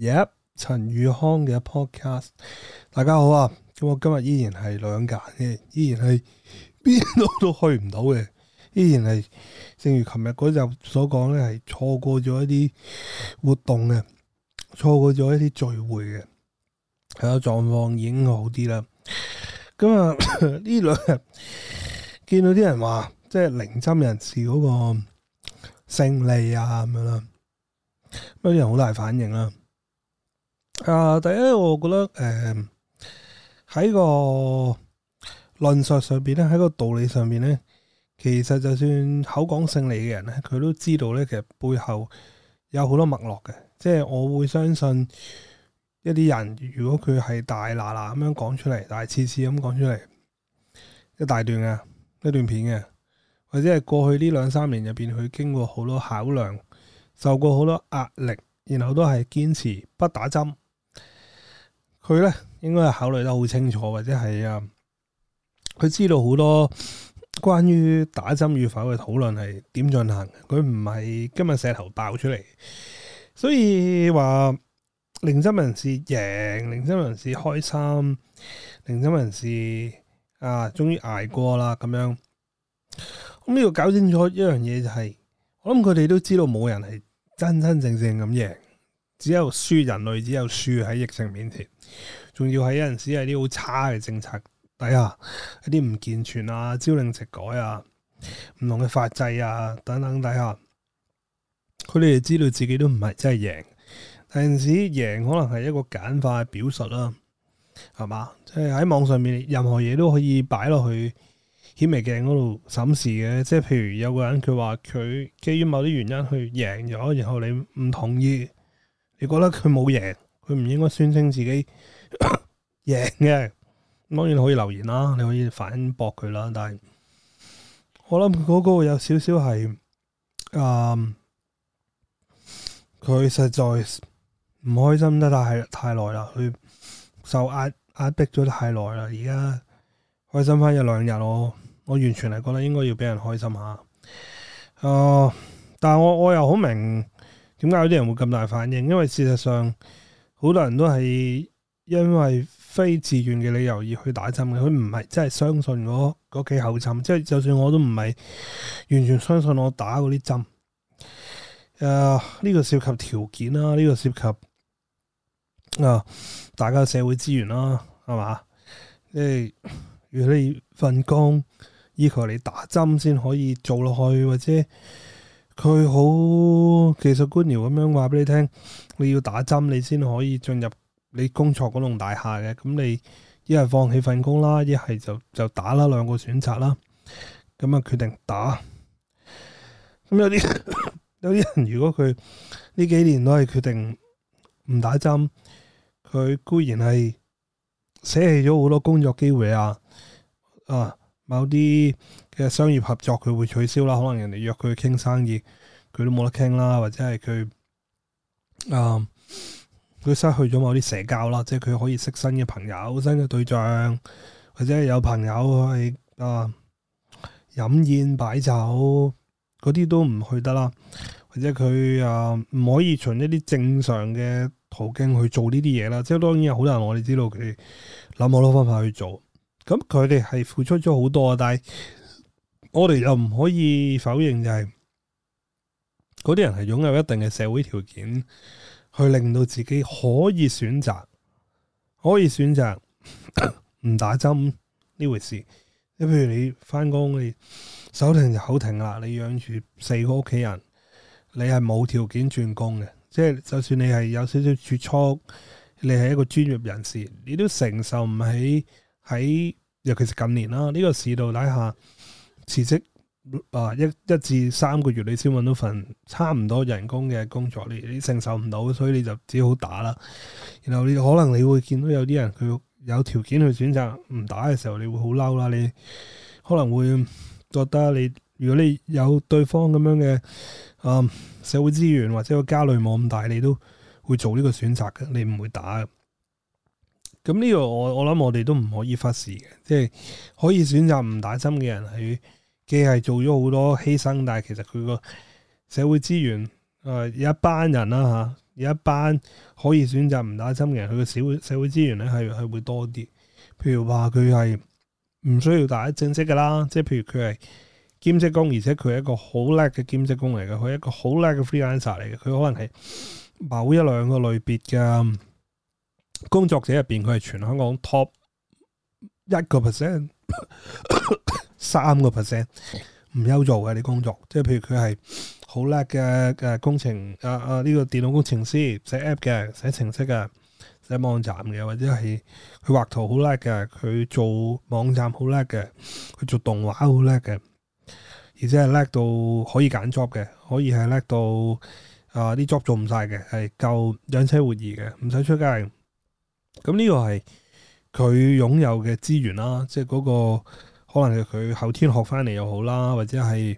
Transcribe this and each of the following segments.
耶！陳宇、yep, 康嘅 podcast，大家好啊！咁我今日依然係兩間嘅，依然係邊度都去唔到嘅，依然係，正如琴日嗰日所講咧，係錯過咗一啲活動嘅，錯過咗一啲聚會嘅，係、嗯、啊，狀況已經好啲啦。咁啊，呢 兩日見到啲人話，即係零針人士嗰個勝利啊咁樣啦，咁啲人好大反應啦。啊！第一，我覺得誒，喺、呃、個論述上邊咧，喺個道理上邊咧，其實就算口講勝利嘅人咧，佢都知道咧，其實背後有好多脈絡嘅。即係我會相信一啲人，如果佢係大喇喇咁樣講出嚟，大次次咁講出嚟，一大段嘅一段片嘅，或者係過去呢兩三年入邊，佢經過好多考量，受過好多壓力，然後都係堅持不打針。佢咧應該係考慮得好清楚，或者係啊，佢知道好多關於打針與否嘅討論係點進行。佢唔係今日石頭爆出嚟，所以話零針人士贏，零針人士開心，零針人士啊，終於挨過啦咁樣。咁呢度搞清楚一樣嘢就係、是，我諗佢哋都知道冇人係真真正正咁贏。只有輸人類，只有輸喺疫情面前。仲要係有陣時係啲好差嘅政策底下，一啲唔健全啊、朝令夕改啊、唔同嘅法制啊等等底下，佢哋知道自己都唔係真係贏。但有陣時贏可能係一個簡化嘅表述啦，係嘛？即係喺網上面任何嘢都可以擺落去顯微鏡嗰度審視嘅。即係譬如有個人佢話佢基於某啲原因去贏咗，然後你唔同意。你覺得佢冇贏，佢唔應該宣稱自己 贏嘅。當然可以留言啦，你可以反駁佢啦。但係我諗嗰個有少少係，誒、呃，佢實在唔開心得但係太耐啦，佢受壓壓迫咗太耐啦，而家開心翻一兩日，我我完全係覺得應該要俾人開心下。誒、呃，但係我我又好明。點解有啲人會咁大反應？因為事實上，好多人都係因為非自願嘅理由而去打針嘅，佢唔係真係相信嗰嗰幾口針，即係就算我都唔係完全相信我打嗰啲針。誒、呢個涉及條件啦，呢個涉及啊，大家社會資源啦，係嘛？即係如果你份工依靠你打針先可以做落去，或者。佢好技術官僚咁樣話俾你聽，你要打針你先可以進入你工作嗰棟大廈嘅。咁你一係放棄份工啦，一係就就打啦，兩個選擇啦，咁啊決定打。咁有啲 有啲人如果佢呢幾年都係決定唔打針，佢居然係捨棄咗好多工作機會啊啊！某啲嘅商業合作佢會取消啦，可能人哋約佢去傾生意，佢都冇得傾啦，或者係佢啊，佢、呃、失去咗某啲社交啦，即係佢可以識新嘅朋友、新嘅對象，或者係有朋友去啊、呃、飲宴擺酒嗰啲都唔去得啦，或者佢啊唔可以循一啲正常嘅途徑去做呢啲嘢啦。即係當然有好多人我哋知道佢諗好多方法去做。咁佢哋係付出咗好多啊，但係我哋又唔可以否認，就係，就係嗰啲人係擁有一定嘅社會條件，去令到自己可以選擇，可以選擇唔 打針呢回事。即譬如你翻工，你手停就口停啦，你養住四個屋企人，你係冇條件轉工嘅。即係就算你係有少少儲蓄，你係一個專業人士，你都承受唔起喺。尤其是近年啦，呢個市道底下辭職啊，一一至三個月你先揾到份差唔多人工嘅工作，你你承受唔到，所以你就只好打啦。然後你可能你會見到有啲人佢有條件去選擇唔打嘅時候，你會好嬲啦。你可能會覺得你如果你有對方咁樣嘅嗯，社會資源或者個家裏冇咁大，你都會做呢個選擇嘅，你唔會打。咁呢個我我諗我哋都唔可以忽視嘅，即係可以選擇唔打針嘅人，佢既係做咗好多犧牲，但係其實佢個社會資源誒有、呃、一班人啦吓，有、啊、一班可以選擇唔打針嘅人，佢嘅社會社會資源咧係係會多啲。譬如話佢係唔需要打正式嘅啦，即係譬如佢係兼職工，而且佢係一個好叻嘅兼職工嚟嘅，佢係一個好叻嘅 freelancer 嚟嘅，佢可能係某一兩個類別噶。工作者入邊佢係全香港 top 一個 percent，三個 percent 唔憂做嘅啲工作，即係譬如佢係好叻嘅嘅工程，啊啊呢個電腦工程師寫 app 嘅，寫程式嘅，寫網站嘅，或者係佢畫圖好叻嘅，佢做網站好叻嘅，佢做動畫好叻嘅，而且係叻到可以揀 job 嘅，可以係叻到啊啲 job 做唔晒嘅，係夠養妻活兒嘅，唔使出街。咁呢、嗯這個係佢擁有嘅資源啦，即係嗰、那個可能係佢後天學翻嚟，又好啦，或者係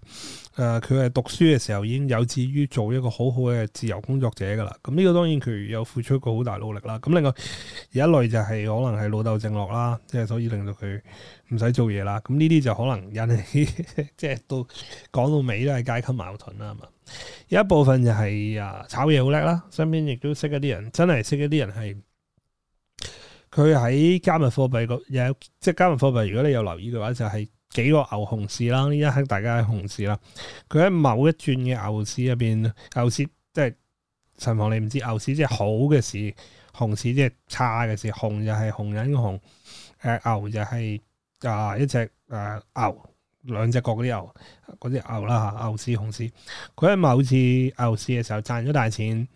誒佢係讀書嘅時候已經有志於做一個好好嘅自由工作者噶啦。咁、嗯、呢、這個當然佢有付出過好大努力啦。咁、嗯、另外有一類就係可能係老豆正落啦，即係所以令到佢唔使做嘢啦。咁呢啲就可能引起 即係到講到尾都係階級矛盾啦。係嘛，有一部分就係、是、啊炒嘢好叻啦，身邊亦都識一啲人，真係識一啲人係。佢喺加密貨幣個有，即係加密貨幣。如果你有留意嘅話，就係、是、幾個牛熊市啦。呢家喺大家係熊市啦。佢喺某一段嘅牛市入邊，牛市即係陳豪你唔知牛市即係好嘅市，熊市即係差嘅市。熊就係熊人熊，誒、呃、牛就係、是、啊、呃、一隻誒、呃、牛兩隻角啲牛嗰隻牛啦嚇，牛市熊市。佢喺某次牛市嘅時候賺咗大錢。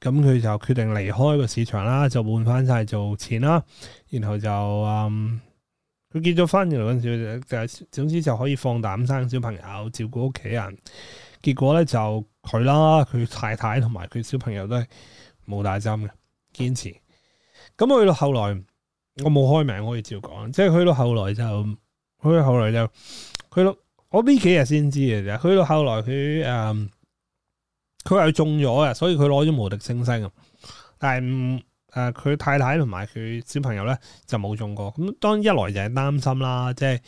咁佢就決定離開個市場啦，就換翻晒做錢啦。然後就嗯，佢結咗婚嘅嗰陣時，就總之就可以放膽生小朋友、照顧屋企人。結果咧就佢啦，佢太太同埋佢小朋友都係冇打針嘅堅持。咁、嗯、去到後來，我冇開名，我可以照講。即係去到後來就，去、嗯、到後來就，去到我呢幾日先知嘅啫。去到後來佢嗯。佢係中咗啊，所以佢攞咗無敵星星。但係，誒，佢、呃、太太同埋佢小朋友咧就冇中過。咁當一來就係擔心啦，即係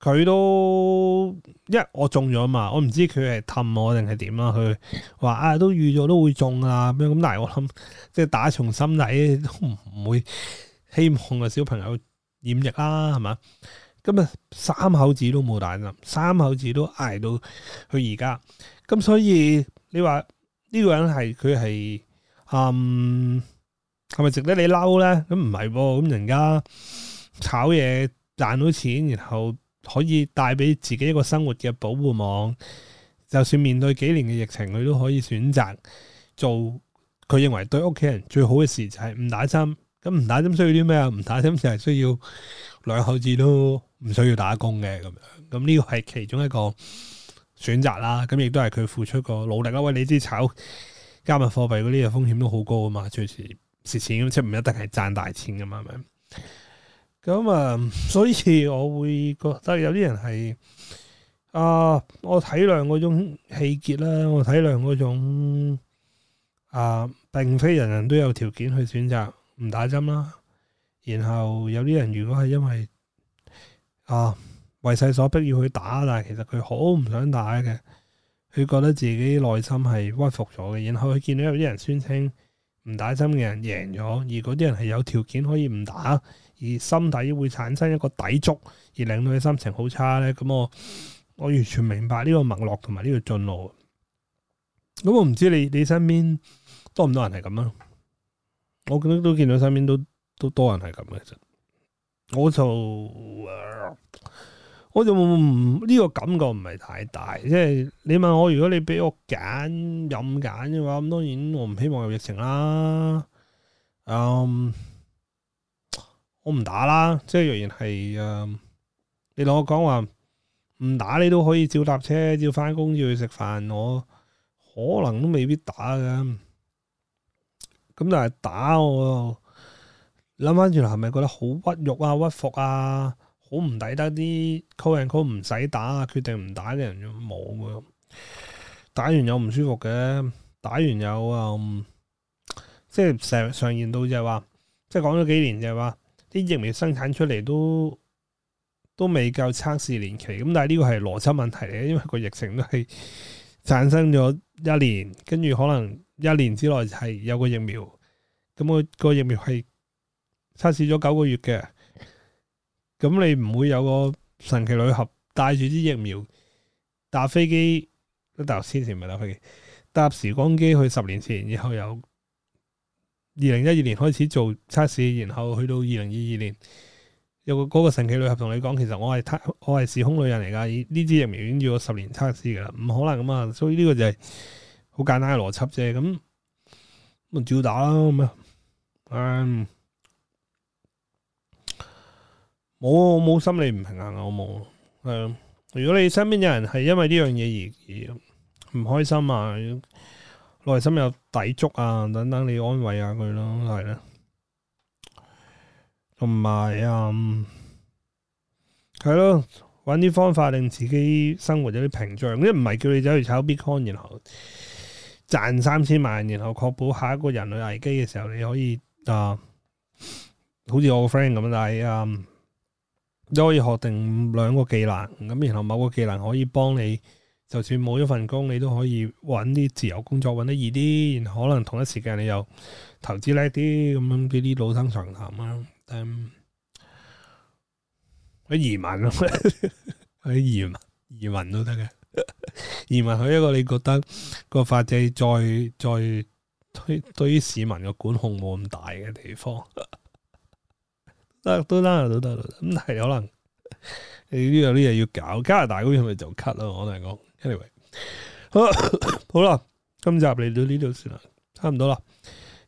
佢都因為我中咗嘛，我唔知佢係氹我定係點啦。佢話啊，都預咗都會中啊咁樣。咁但係我諗，即、就、係、是、打從心底都唔會希望個小朋友染疫啦，係嘛？咁啊三口子都冇打針，三口子都挨到去而家。咁所以。你話呢個人係佢係，嗯，係咪值得你嬲咧？咁唔係噃，咁人家炒嘢賺到錢，然後可以帶俾自己一個生活嘅保護網。就算面對幾年嘅疫情，佢都可以選擇做佢認為對屋企人最好嘅事，就係唔打針。咁唔打針需要啲咩啊？唔打針就係需要兩口子都唔需要打工嘅咁樣。咁呢個係其中一個。選擇啦，咁亦都係佢付出個努力啦。喂，你支炒加密貨幣嗰啲嘅風險都好高啊嘛，隨時蝕錢，即係唔一定係賺大錢噶嘛，係咪？咁啊，所以我會覺得有啲人係啊，我體諒嗰種氣結啦，我體諒嗰種啊，並非人人都有條件去選擇唔打針啦。然後有啲人如果係因為啊。為勢所逼要去打，但係其實佢好唔想打嘅，佢覺得自己內心係屈服咗嘅。然後佢見到有啲人宣稱唔打針嘅人贏咗，而嗰啲人係有條件可以唔打，而心底會產生一個抵觸，而令到佢心情好差咧。咁我我完全明白呢個脈絡同埋呢個進路。咁我唔知你你身邊多唔多人係咁啊？我覺得都見到身邊都都多人係咁嘅，其實我就。呃我就唔呢、呢個感覺唔係太大，即係你問我，如果你俾我揀任揀嘅話，咁當然我唔希望有疫情啦。嗯，我唔打啦，即係若然係嗯，你同我講話唔打，你都可以照搭車，照翻工，照，照去食飯，我可能都未必打㗎。咁但係打我，我諗翻原來係咪覺得好屈辱啊、屈服啊？好唔抵得啲 call and call 唔使打啊！決定唔打嘅人冇嘅，打完又唔舒服嘅，打完又啊、嗯。即係常常現到就係話，即係講咗幾年就係話，啲疫苗生產出嚟都都未夠測試年期，咁但係呢個係邏輯問題嚟，因為個疫情都係產生咗一年，跟住可能一年之內係有個疫苗，咁個疫苗係測試咗九個月嘅。咁你唔會有個神奇女俠帶住啲疫苗搭飛機，都搭千奇唔係搭飛機，搭時光機去十年前，然後由二零一二年開始做測試，然後去到二零二二年，有個嗰、嗰個神奇女俠同你講，其實我係我係時空旅人嚟噶，呢支疫苗已經做咗十年測試噶啦，唔可能咁啊，所以呢個就係好簡單嘅邏輯啫。咁咪照打啦，哦、我冇心理唔平衡，我冇。如果你身邊有人係因為呢樣嘢而唔開心啊，內心有抵觸啊，等等，你安慰下佢咯，係啦。同埋啊，係、嗯、咯，揾啲方法令自己生活有啲屏障，呢唔係叫你走去炒 bitcoin，然後賺三千萬，然後確保下一個人類危機嘅時候，你可以啊、呃，好似我個 friend 咁，但係啊。嗯都可以學定兩個技能，咁然後某個技能可以幫你，就算冇一份工，你都可以搵啲自由工作搵得易啲，然後可能同一時間你又投資叻啲，咁樣畀啲老生常談啊。嗯，移民啊，啲 移民移民都得嘅， 移民去一個你覺得個法制再再對於市民嘅管控冇咁大嘅地方。得都得，都得啦。咁係可能你呢有啲嘢要搞。加拿大嗰邊係咪就 cut 咯？我嚟講，anyway，好啦， 今集嚟到呢度算啦，差唔多啦。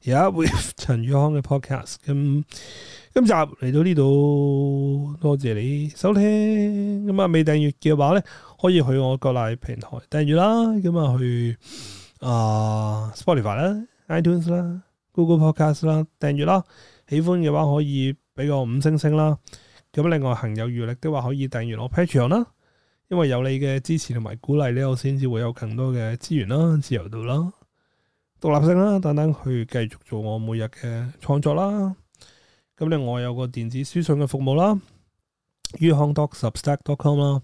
而家 with 陳宇康嘅 podcast，咁、嗯、今集嚟到呢度，多謝你收聽。咁、嗯、啊，未訂閱嘅話咧，可以去我各大平台訂閱啦。咁、嗯、啊，去啊、呃、Spotify 啦、iTunes 啦、Google Podcast 啦，訂閱啦。喜歡嘅話可以。俾個五星星啦，咁另外行有餘力的話，可以訂閱我 Patreon 啦，因為有你嘅支持同埋鼓勵，呢我先至會有更多嘅資源啦、自由度啦、獨立性啦等等，去繼續做我每日嘅創作啦。咁另外有個電子書信嘅服務啦，ucondocsubstack.com 啦，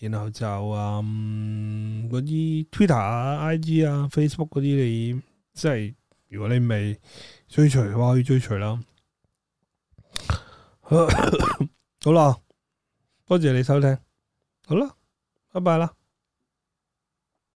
然後就嗯嗰啲 Twitter 啊、IG 啊、Facebook 嗰、啊、啲，你即係如果你未追隨嘅話，我可以追隨啦。 好啦，多謝你收聽，好啦，拜拜啦。